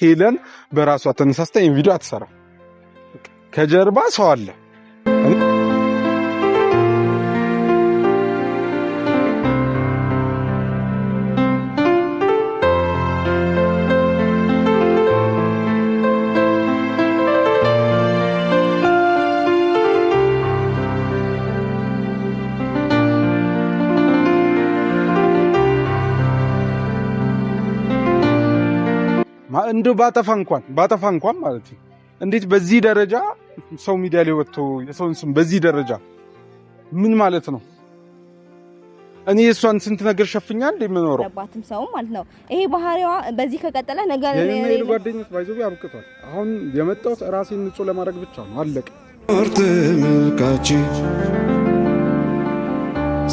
ሄለን በራሷ ተነሳስታ ይህን ቪዲዮ አትሰራም። ከጀርባ ሰው አለ። እንደ ባጠፋ እንኳን ባጠፋ እንኳን ማለት ነው። እንዴት በዚህ ደረጃ ሰው ሚዲያ ላይ ወጥቶ የሰውን ስም በዚህ ደረጃ ምን ማለት ነው? እኔ የእሷን ስንት ነገር ሸፍኛ እንደ የምኖረው ባትም ሰው ማለት ነው። ይሄ ባህሪዋ በዚህ ከቀጠለ ነገር ነው። ጓደኞች ባይዘው ያብቅቷል። አሁን የመጣሁት ራሴን ንጹህ ለማድረግ ብቻ ነው። አለቀ። ተመልካች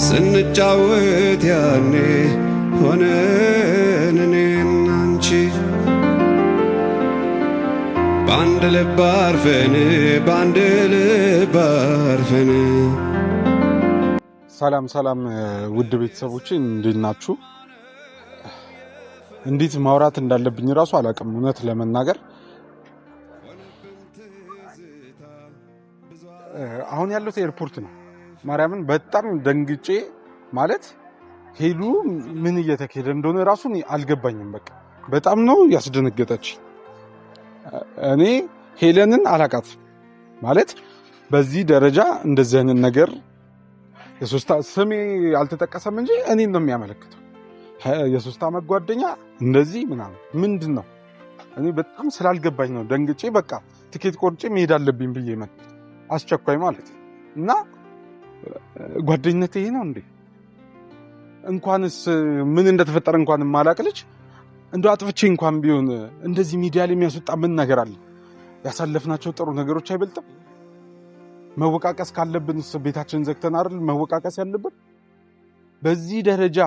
ስንጫወት ያኔ ሆነን እኔ በአንድ ልብ አርፈን በአንድ ልብ አርፈን። ሰላም ሰላም፣ ውድ ቤተሰቦች እንዴት ናችሁ? እንዴት ማውራት እንዳለብኝ እራሱ አላውቅም እውነት ለመናገር አሁን ያለሁት ኤርፖርት ነው። ማርያምን በጣም ደንግጬ ማለት ሄሉ ምን እየተካሄደ እንደሆነ እራሱ አልገባኝም። በቃ በጣም ነው ያስደነገጠች። እኔ ሄለንን አላቃት ማለት በዚህ ደረጃ እንደዚህ አይነት ነገር የሶስታ ስሜ አልተጠቀሰም እንጂ እኔ ነው የሚያመለክተው። የሶስታ መጓደኛ እንደዚህ ምናምን ምንድን ነው? እኔ በጣም ስላልገባኝ ነው ደንግጬ በቃ ትኬት ቆርጬ መሄድ አለብኝ ብዬ መ አስቸኳይ ማለት እና ጓደኝነት ይሄ ነው እንዴ? እንኳንስ ምን እንደተፈጠረ እንኳን ማላቅ ልጅ እንደ አጥፍቼ እንኳን ቢሆን እንደዚህ ሚዲያ ላይ የሚያስወጣ ምን ነገር አለ? ያሳለፍናቸው ጥሩ ነገሮች አይበልጥም? መወቃቀስ ካለብን ቤታችን ዘግተን አይደል መወቃቀስ ያለብን? በዚህ ደረጃ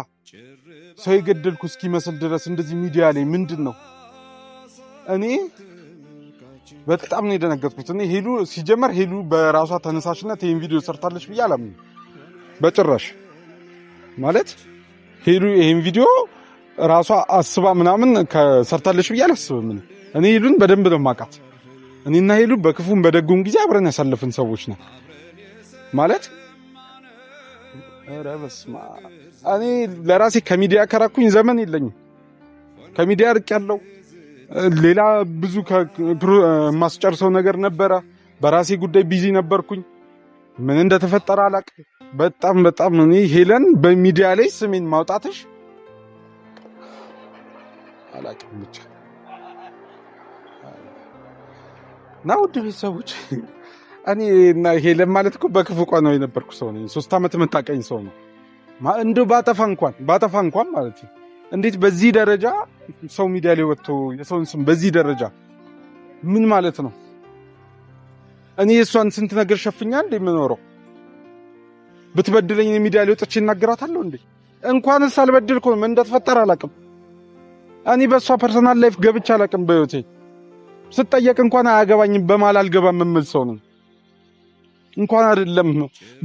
ሰው የገደልኩ እስኪመስል ድረስ እንደዚህ ሚዲያ ላይ ምንድን ነው? እኔ በጣም ነው የደነገጥኩት። እኔ ሄሉ ሲጀመር ሄሉ በራሷ ተነሳሽነት ይህን ቪዲዮ ሰርታለች ብዬ አላምንም በጭራሽ። ማለት ሄሉ ይህን ቪዲዮ ራሷ አስባ ምናምን ሰርታለች ብዬ አላስብም። እኔ ሄሉን በደንብ ነው የማውቃት። እኔና ሄሉ በክፉም በደጉም ጊዜ አብረን ያሳለፍን ሰዎች ነን ማለት እኔ ለራሴ ከሚዲያ ከራኩኝ ዘመን የለኝም። ከሚዲያ ርቅ ያለው ሌላ ብዙ የማስጨርሰው ነገር ነበረ። በራሴ ጉዳይ ቢዚ ነበርኩኝ። ምን እንደተፈጠረ አላቅ። በጣም በጣም እኔ ሄለን በሚዲያ ላይ ስሜን ማውጣትሽ አላውቅም ብቻ እና ውድ ቤተሰቦች እኔ እና ሄለን ማለት እኮ በክፉ ቀን ነው የነበርኩ ሰው ነኝ። ሶስት ዓመት የምታቀኝ ሰው ነው እንዶ ባጠፋ እንኳን ባጠፋ እንኳን ማለት እንዴት በዚህ ደረጃ ሰው ሚዲያ ላይ ወጥቶ የሰውን ስም በዚህ ደረጃ ምን ማለት ነው? እኔ የእሷን ስንት ነገር ሸፍኛ እንደ የምኖረው ብትበድለኝ ሚዲያ ላይ ወጥቼ እናገራታለሁ እንዴ? እንኳንስ አልበድልኩም እንደተፈጠረ እኔ በእሷ ፐርሰናል ላይፍ ገብቼ አላውቅም። በህይወቴ ስጠየቅ እንኳን አያገባኝም በማል አልገባም የምል ሰው ነው። እንኳን አይደለም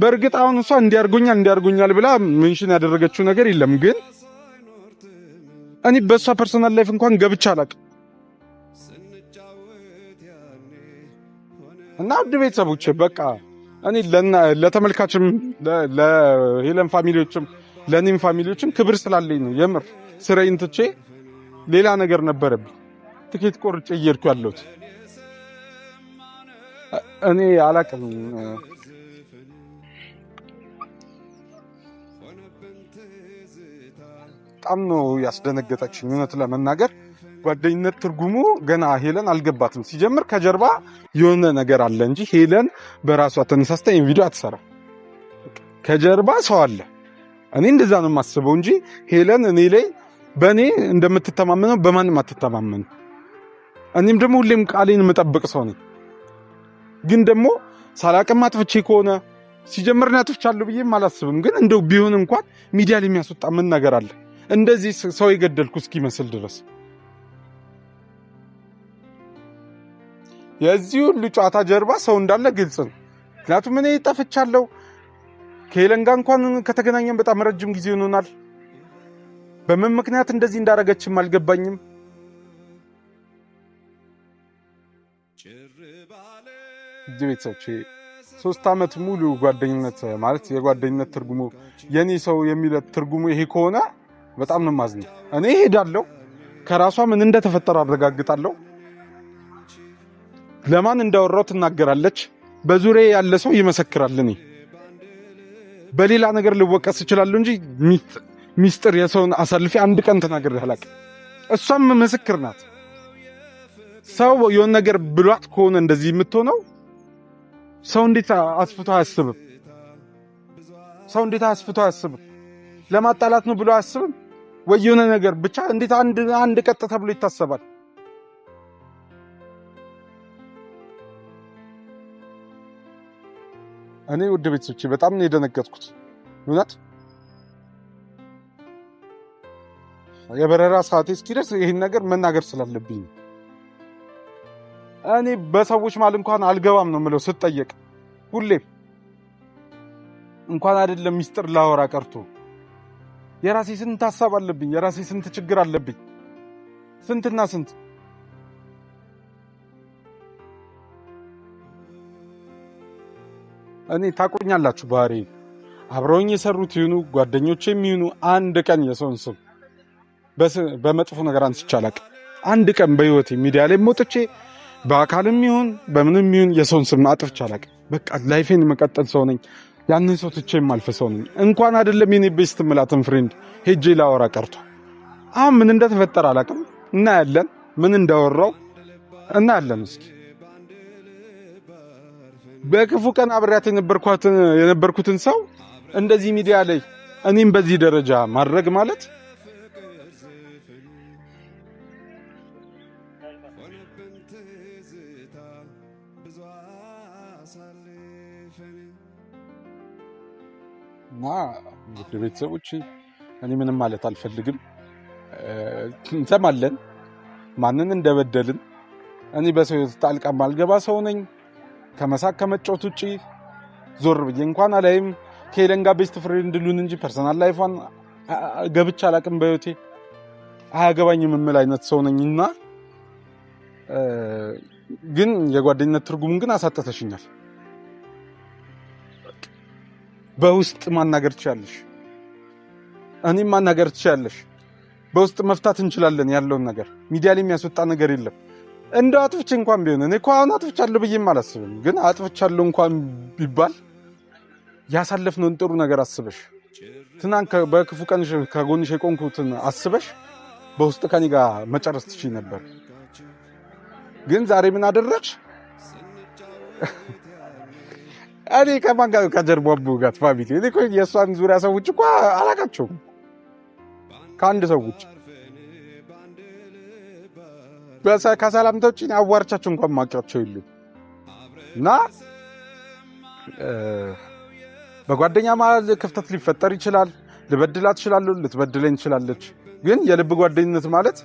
በእርግጥ አሁን እሷ እንዲያርጎኛል እንዲያርጎኛል ብላ ምንሽን ያደረገችው ነገር የለም ግን እኔ በእሷ ፐርሰናል ላይፍ እንኳን ገብቼ አላውቅም። እና ውድ ቤተሰቦች በቃ እኔ ለተመልካችም ለሄለን ፋሚሊዎችም ለእኔም ፋሚሊዎችም ክብር ስላለኝ ነው የምር ስራዬን ትቼ ሌላ ነገር ነበረብኝ። ትኬት ቆርጬ እየሄድኩ ያለሁት እኔ አላቅም። በጣም ነው ያስደነገጠችኝ። እውነት ለመናገር ጓደኝነት ትርጉሙ ገና ሄለን አልገባትም። ሲጀምር ከጀርባ የሆነ ነገር አለ እንጂ ሄለን በራሷ ተነሳስታ ይህን ቪዲዮ አትሰራም። ከጀርባ ሰው አለ። እኔ እንደዛ ነው የማስበው እንጂ ሄለን እኔ ላይ በእኔ እንደምትተማመነው በማንም አትተማመን። እኔም ደግሞ ሁሌም ቃሌን የምጠብቅ ሰው ነኝ። ግን ደግሞ ሳላቅም አጥፍቼ ከሆነ ሲጀምር እኔ አጥፍቻለሁ ብዬም አላስብም። ግን እንደው ቢሆን እንኳን ሚዲያ የሚያስወጣ ምን ነገር አለ? እንደዚህ ሰው የገደልኩ እስኪመስል ድረስ የዚህ ሁሉ ጨዋታ ጀርባ ሰው እንዳለ ግልጽ ነው። ምክንያቱም እኔ ጠፍቻለሁ። ከሄለን ጋር እንኳን ከተገናኘን በጣም ረጅም ጊዜ ይሆናል። በምን ምክንያት እንደዚህ እንዳደረገችም አልገባኝም። እጅ ቤተሰቦቼ ሶስት ዓመት ሙሉ ጓደኝነት ማለት የጓደኝነት ትርጉሙ የኔ ሰው የሚለ ትርጉሙ ይሄ ከሆነ በጣም ነው ማዝነው። እኔ እሄዳለሁ፣ ከራሷ ምን እንደተፈጠረ አረጋግጣለሁ። ለማን እንዳወራው ትናገራለች። በዙሪያ ያለ ሰው ይመሰክራል። እኔ በሌላ ነገር ልወቀስ እችላለሁ እንጂ ሚስጥር የሰውን አሳልፌ አንድ ቀን ተናግሬ አላቅም። እሷም ምስክር ናት። ሰው የሆነ ነገር ብሏት ከሆነ እንደዚህ የምትሆነው ሰው እንዴት አስፍቶ አያስብም? ሰው እንዴት አስፍቶ አያስብም? ለማጣላት ነው ብሎ አያስብም ወይ? የሆነ ነገር ብቻ እንዴት አንድ አንድ ቀጥ ተብሎ ይታሰባል? እኔ ውድ ቤተሰቦቼ በጣም ነው የደነገጥኩት እውነት የበረራ ሰዓቴ እስኪደርስ ይህን ነገር መናገር ስላለብኝ እኔ በሰዎች ማል እንኳን አልገባም ነው ምለው ስጠየቅ ሁሌም እንኳን አይደለም ሚስጥር ላወራ ቀርቶ የራሴ ስንት ሀሳብ አለብኝ። የራሴ ስንት ችግር አለብኝ። ስንትና ስንት እኔ ታቆኛላችሁ ባህሪ አብረውኝ የሰሩት ይሁኑ ጓደኞች የሚሆኑ አንድ ቀን የሰውን ስም በመጥፎ ነገር አንስቼ አላቅም። አንድ ቀን በህይወቴ ሚዲያ ላይ ሞጥቼ በአካልም ይሁን በምንም ይሁን የሰውን ስም አጥፍቼ አላቅም። በቃ ላይፌን መቀጠል ሰው ነኝ። ያንን ሰው ትቼ የማልፍ ሰው ነኝ። እንኳን አይደለም የኔ ቤስት ምላትን ፍሬንድ ሄጄ ላወራ ቀርቶ አሁን ምን እንደተፈጠረ አላቅም። ያለን ምን እንዳወራው ያለን እስኪ በክፉ ቀን አብሬያት የነበርኩትን ሰው እንደዚህ ሚዲያ ላይ እኔም በዚህ ደረጃ ማድረግ ማለት እና ውድ ቤተሰቦች እኔ ምንም ማለት አልፈልግም። እንሰማለን ማንን እንደበደልን። እኔ በሰው ጣልቃ ማልገባ ሰው ነኝ። ከመሳቅ ከመጫወት ውጭ ዞር ብዬ እንኳን አላይም። ከሄለን ጋር ቤስት ፍሬንድ እንድሉን እንጂ ፐርሰናል ላይፏን ገብቼ አላቅም። በህይወቴ አያገባኝ የምምል አይነት ሰው ነኝ እና ግን የጓደኝነት ትርጉሙን ግን አሳጠተሽኛል። በውስጥ ማናገር ትችላለሽ፣ እኔም ማናገር ትችላለሽ። በውስጥ መፍታት እንችላለን። ያለውን ነገር ሚዲያ ላይ የሚያስወጣ ነገር የለም። እንደ አጥፍቼ እንኳን ቢሆን እኔ እኮ አሁን አጥፍቻለሁ ብዬም አላስብም። ግን አጥፍቻለሁ እንኳን ቢባል ያሳለፍነውን ጥሩ ነገር አስበሽ ትናንት በክፉ ቀንሽ ከጎንሽ የቆንኩትን አስበሽ በውስጥ ከኔ ጋር መጨረስ ትችይ ነበር። ግን ዛሬ ምን አደረግሽ? እኔ ከማን ጋር ከጀርባቡ ጋር እኔ እኮ የእሷን ዙሪያ ሰዎች እኮ አላቃቸውም ከአንድ ሰው ውጭ አዋርቻቸው እንኳን ማቅራቸው የሉም። እና በጓደኛ መሀል ክፍተት ሊፈጠር ይችላል። ልበድላ እችላለሁ፣ ልትበድለኝ ትችላለች። ግን የልብ ጓደኝነት ማለት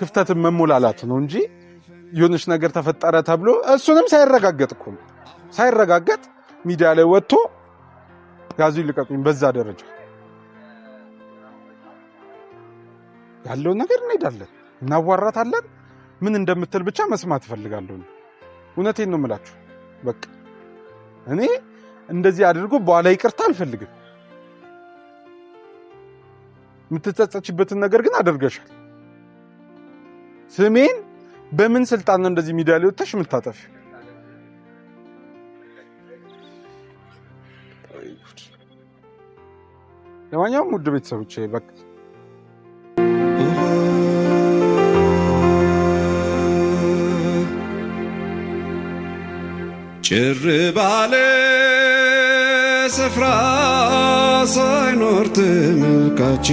ክፍተትን መሞላላት ነው እንጂ የሆነች ነገር ተፈጠረ ተብሎ እሱንም ሳይረጋገጥ እኮ ነው ሳይረጋገጥ ሚዲያ ላይ ወጥቶ ያዙ ልቀቁኝ በዛ ደረጃ ያለውን ነገር እንሄዳለን፣ እናዋራታለን። ምን እንደምትል ብቻ መስማት እፈልጋለሁ። እውነቴን ነው የምላችሁ። በቃ እኔ እንደዚህ አድርጎ በኋላ ይቅርታ አልፈልግም። የምትጸጸችበትን ነገር ግን አደርገሻል። ስሜን በምን ስልጣን ነው እንደዚህ ሚዲያ ላይ ወጥተሽ የምታጠፊው? ለማንኛውም ውድ ቤተሰቦች በቃ ጭር ባለ ስፍራ ሳይኖር ተመልካች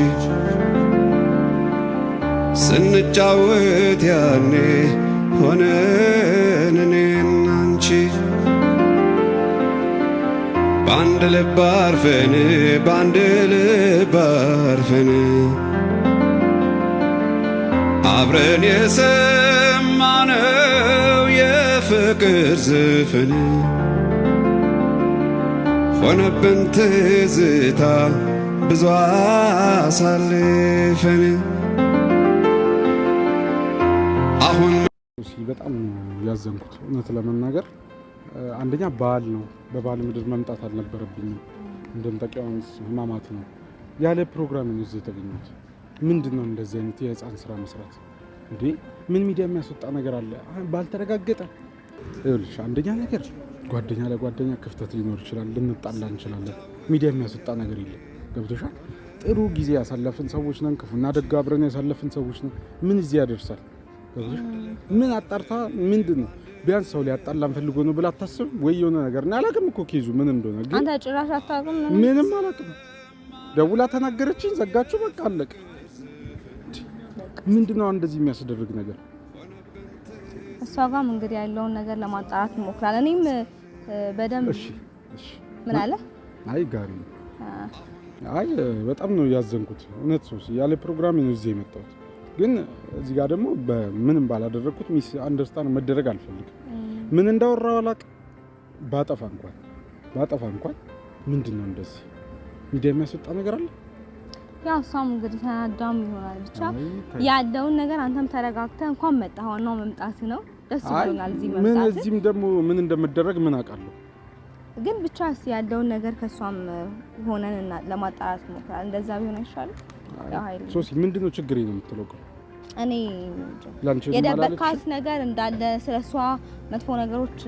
ስንጫወት ያኔ ሆነን እኔና በአንድ ልብ አርፈን በአንድ ልብ አርፈን አብረን የሰማነው የፍቅር ዘፈን ሆነብን ትዝታ ብዙ አሳልፈን አሁን በጣም ያዘንኩት እውነት ለመናገር አንደኛ በዓል ነው። በበዓል ምድር መምጣት አልነበረብኝም። እንደምጠቂያንስ ህማማት ነው ያለ ፕሮግራም ነው እዚህ የተገኘት። ምንድን ነው እንደዚህ አይነት የህፃን ስራ መስራት እንዴ? ምን ሚዲያ የሚያስወጣ ነገር አለ ባልተረጋገጠ። ይኸውልሽ አንደኛ ነገር ጓደኛ ለጓደኛ ክፍተት ሊኖር ይችላል፣ ልንጣላ እንችላለን። ሚዲያ የሚያስወጣ ነገር የለም። ገብቶሻል? ጥሩ ጊዜ ያሳለፍን ሰዎች ነን፣ ክፉና ደግ አብረን ያሳለፍን ሰዎች ነን። ምን እዚህ ያደርሳል? ምን አጣርታ ምንድን ነው ቢያንስ ሰው ሊያጣላን ፈልጎ ነው ብላ አታስብም ወይ? የሆነ ነገር እና አላውቅም እኮ ኬዙ ምን እንደሆነ ግን አንተ ጭራሽ አታውቅም። ምንም አላውቅም። ደውላ ተናገረችኝ፣ ዘጋችሁ፣ በቃ አለቀ። ምንድነው እንደዚህ የሚያስደርግ ነገር? እሷ ጋም እንግዲህ ያለውን ነገር ለማጣራት እንሞክራለን። እኔም በደንብ እሺ፣ እሺ። ምን አለ? አይ ጋሪ፣ አይ በጣም ነው ያዘንኩት እውነት። ሶስ ያለ ፕሮግራም ነው እዚህ የመጣሁት ግን እዚህ ጋር ደግሞ ምንም ባላደረግኩት ሚስ አንደርስታንድ መደረግ አልፈልግም። ምን እንዳወራው አላቅም። ባጠፋ እንኳን ባጠፋ እንኳን ምንድን ነው እንደዚህ ሚዲያ የሚያስወጣ ነገር አለ። ያው እሷም እንግዲህ ተናዳም ይሆናል። ብቻ ያለውን ነገር አንተም ተረጋግተህ እንኳን መጣህ፣ ዋናው መምጣት ነው። ደስ ብሎናል እዚህ መምጣት። ምን እዚህም ደግሞ ምን እንደምደረግ ምን አውቃለሁ። ግን ብቻ እስኪ ያለውን ነገር ከእሷም ሆነን ለማጣራት ሞክራል። እንደዛ ቢሆን ይሻላል። ሶሲ ምንድን ነው ችግር ነው የምትለው? እኔ የደበካት ነገር እንዳለ ስለሷ መጥፎ ነገሮች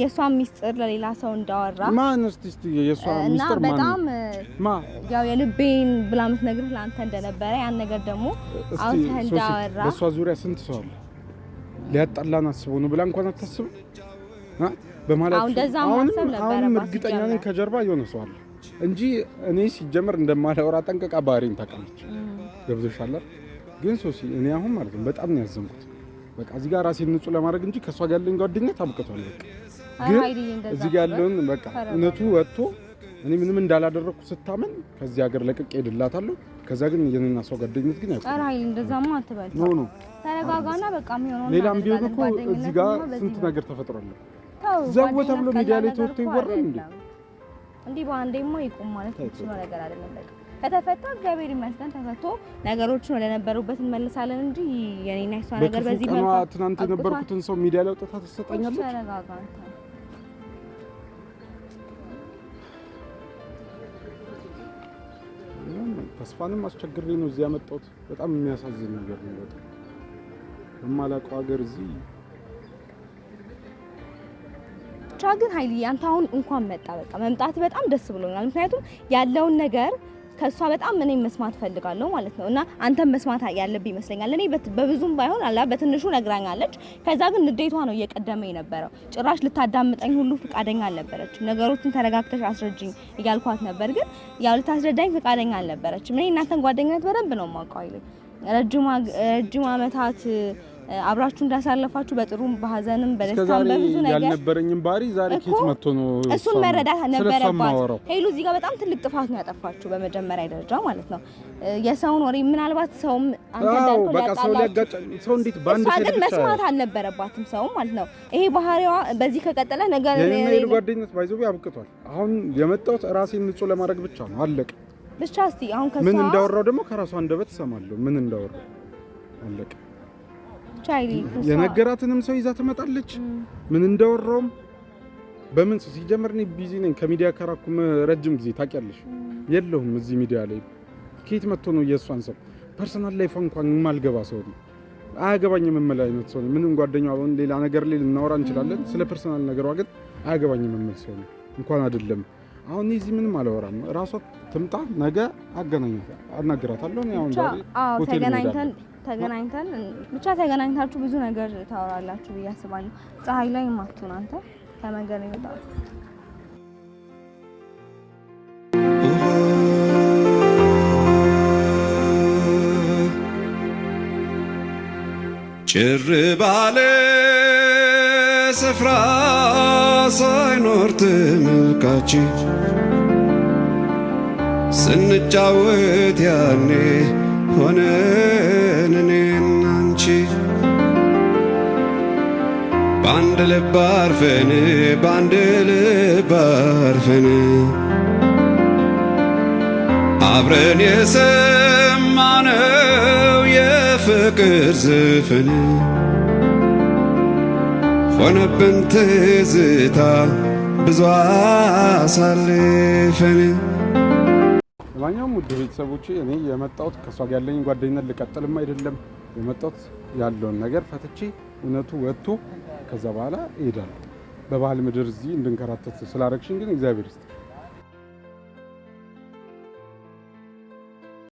የሷን ሚስጥር ለሌላ ሰው እንዳወራ ማን እስቲ የሷ ሚስጥር ማን በጣም ያው የልቤን ብላ የምትነግርህ ለአንተ እንደነበረ ያን ነገር ደግሞ አውተህ እንዳወራ በሷ ዙሪያ ስንት ሰው አለ ሊያጣላን አስቦ ነው ብላ እንኳን አታስብ በማለት እርግጠኛ ነኝ ከጀርባ የሆነ ሰው አለ እንጂ እኔ ሲጀመር እንደማላወራ ጠንቀቃ ባህሪን ታውቃለች ግን ሶሲ እኔ አሁን ማለት ነው በጣም ነው ያዘንኩት። በቃ እዚህ ጋር ራሴን ንጹህ ለማድረግ እንጂ ከእሷ ጋር ያለኝ ጓደኛ ታብቅቷል። በቃ ግን እዚህ ጋር ያለውን በቃ እውነቱ ወጥቶ እኔ ምንም እንዳላደረኩ ስታመን ከዚህ ሀገር ለቅቄ ሄድላታለሁ። ከዛ ግን የኔና እሷ ጓደኝነት ግን አይ እንደዛ እንደዛማ አትበል ነው ነው ተረጋጋና በቃ የሚሆነው ሌላም ቢሆን እኮ እዚህ ጋር ስንት ነገር ተፈጥሯል። ዘወ ተብሎ ሚዲያ ላይ ተወጥቶ ይወራል እንዴ? እንዲህ በአንዴማ ይቆም ማለት ነው ነገር አይደለም በቃ ከተፈታ እግዚአብሔር ይመስገን ተፈቶ ነገሮችን ወደ ነበሩበት እንመልሳለን እንጂ የኔና እሷ ነገር በዚህ መልኩ ትናንት የነበርኩትን ሰው ሚዲያ ላይ ወጥታ ትሰጠኛለች። ተስፋንም አስቸግሬ ነው እዚህ ያመጣሁት። በጣም የሚያሳዝን ነገር ነው። በጣም በማላውቀው ሀገር እዚህ ብቻ ግን ኃይልዬ አንተ አሁን እንኳን መጣ። በቃ መምጣት በጣም ደስ ብሎናል። ምክንያቱም ያለውን ነገር ከእሷ በጣም እኔ መስማት ፈልጋለሁ ማለት ነው። እና አንተም መስማት ያለብህ ይመስለኛል። እኔ በብዙም ባይሆን አላ በትንሹ ነግራኛለች። ከዛ ግን ንዴቷ ነው እየቀደመ የነበረው። ጭራሽ ልታዳምጠኝ ሁሉ ፍቃደኛ አልነበረች። ነገሮችን ተረጋግተሽ አስረጅኝ እያልኳት ነበር፣ ግን ያው ልታስረዳኝ ፍቃደኛ አልነበረችም። እኔ እናንተን ጓደኝነት በደንብ ነው የማውቀው አይለኝ ረጅም ዓመታት አብራችሁ እንዳሳለፋችሁ በጥሩም በሀዘንም በደስታም በብዙ ነገር ያልነበረኝም ባህሪ ዛሬ ኬት መጥቶ ነው እሱን መረዳት ነበረባት ሄሉ። እዚህ ጋር በጣም ትልቅ ጥፋት ነው ያጠፋችሁ በመጀመሪያ ደረጃ ማለት ነው። የሰውን ወሬ ምናልባት ሰውም ሰው እንዴት ባንድ ሰው ግን መስማት አልነበረባትም ሰው ማለት ነው። ይሄ ባህሪዋ በዚህ ከቀጠለ ነገር ሄሉ ጓደኝነት ባይዘው ያብቅቷል። አሁን የመጣሁት ራሴን ንጹህ ለማድረግ ብቻ ነው አለቅ ብቻ። እስቲ አሁን ከሷ ምን እንዳወራው ደግሞ ከራሷ አንደበት እሰማለሁ ምን እንዳወራው አለቅ የነገራትንም ሰው ይዛ ትመጣለች። ምን እንዳወራውም በምን ሲጀመር እኔ ቢዚ ነኝ ከሚዲያ ከራኩም ረጅም ጊዜ ታውቂያለሽ፣ የለሁም እዚህ ሚዲያ ላይ ኬት መጥቶ ነው የእሷን ሰው ፐርሰናል ላይፍ እንኳን የማልገባ ሰው ነው። አያገባኝም የምል አይነት ሰው ነው። ምንም ጓደኛዋ ሌላ ነገር ላይ ልናወራ እንችላለን፣ ስለ ፐርሰናል ነገሯ ግን አያገባኝም የምል ሰው ነው። እንኳን አይደለም አሁን እዚህ ምንም አላወራም። ራሷ ትምጣ፣ ነገ አገናኛታለሁ፣ አናግራታለሁ። አሁን ዛሬ ሆቴል ተገናኝተን ብቻ ተገናኝታችሁ ብዙ ነገር ታወራላችሁ ብዬ አስባለሁ። ፀሐይ ላይ ማትሆን አንተ ከመንገድ ይወጣ ጭር ባለ ስፍራ ሳይኖር ትምልካች ስንጫወት ያኔ ሆነ ሆነን እኔና አንቺ በአንድ ልብ አርፈን በአንድ ልብ አርፈን አብረን የሰማነው የፍቅር ዘፈን ሆነብን ትዝታ ብዙ አሳልፈን ለማንኛውም ውድ ቤተሰቦቼ እኔ የመጣሁት ከእሷ ጋር ያለኝ ጓደኝነት ልቀጥልም አይደለም የመጣሁት ያለውን ነገር ፈትቼ እውነቱ ወጥቶ ከዛ በኋላ እሄዳለሁ። በባህል ምድር እዚህ እንድንከራተት ስላረግሽኝ ግን እግዚአብሔር ይስጥ።